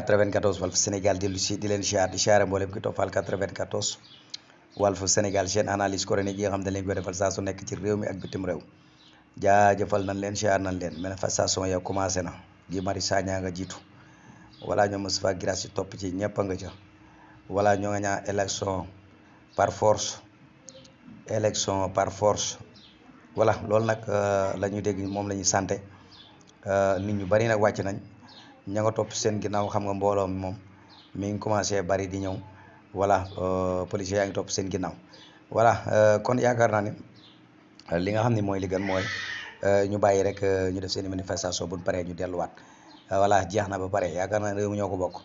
94 Walf Sénégal dellu si di leen siyaar di siyaare mboolem ki toppal 94 Walf Sénégal seen analyse coranique yi nga xam ne leen koy defal saa nekk ci réew mi ak bitim réew jaajëfal nañ leen siyaar nan leen manifestation ya commencé na Guy Marius Sagna nga jiitu wala ñoom Moustapha Guirassy topp ci ñëpp a nga ca wala ñoo nga ñaa élection par force élection par force voilà loolu nag euh, la ñu dégg moom la ñu santé euh, nit ñu bari nag wàcc nañ ña nga topp seen ginnaaw xam nga mbooloo mi moom mi ngi commencé bari di ñëw voilà euh, policiers yaa ngi topp seen ginnaaw voilà euh, kon yaakaar naa ne euh, li nga xam ne mooy li gën mooy ñu bàyyi rek ñu def seen manifestation bu paree ñu delluwaat voilà jeex na ba pare yaakaar naa réew mi ñoo ko bokk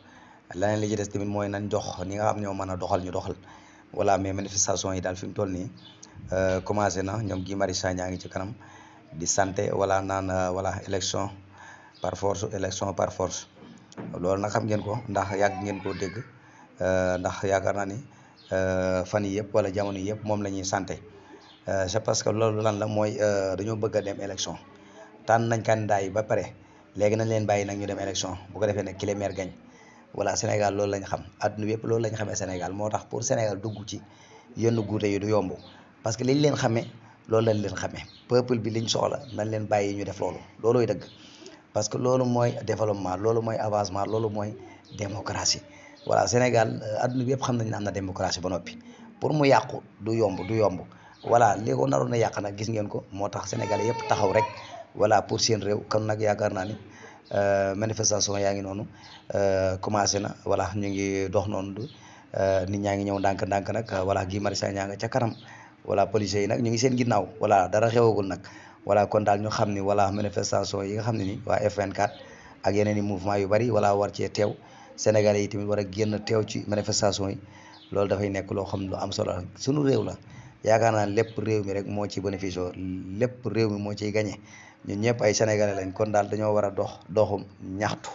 leneen li ci des tamit mooy nañ jox ñi nga xam ñoo mën a doxal ñu doxal voilà mais manifestation yi daal fi mu toll nii commencé na ñoom Guy Marius ñaa ngi ci kanam di santé voilà naan voilà élection par force élection par force loolu nag xam ngeen ko ndax yàgg ngeen ko dégg euh, ndax yaakaar naa ni euh, fan yi yëpp wala jamono yëpp moom la ñuy santé euh, c'est parce que loolu lan la mooy dañoo bëgg dem élection tànn nañ candidat yi ba pare léegi nañ leen bàyyi nag ñu dem élection bu ko defee nag kile meer gañ voilà Sénégal loolu lañ xam àdduna bi yëpp loolu lañ xamee Sénégal moo tax pour Sénégal dugg ci yenn guute yi du yomb parce que liñ leen xamee loolu lañ leen xamee peuple bi liñ soxla nañ leen bàyyi ñu def loolu loolooy dëgg parce que loolu mooy développement loolu mooy avancement loolu mooy démocratie voilà Sénégal euh, adduna bi yëpp xam nañ ne am na démocratie ba noppi pour mu yàqu du yomb du yomb voilà li ko naroon a yàq nag gis ngeen ko moo tax sénégal yëpp taxaw rek wala pour seen réew kon nag yaakaar naa ni euh, manifestation yaa ngi noonu euh, commencé na voilà ñu ngi dox noonu nit ñaa ngi ñëw ndànk-ndànk nag voilà Guy Marius Sagna ñaa nga ca kanam voilà policiers yi nag ñu ngi seen ginnaaw voilà dara xewagul nag. voilà kon daal ñu xam ni voilà manifestation yi nga xam ne ni waa f ak yeneen i mouvement yu bari voilà war cee teew Sénégalais yi tamit war a génn teew ci manifestation yi loolu dafay nekk loo xam lu am solo la sunu réew la yaakaar naa lépp réew mi rek moo ci bénéfice lépp réew mi moo ciy gagné ñu ñëpp ay sénégalais lañ kon daal dañoo war a dox doxum ñaxtu.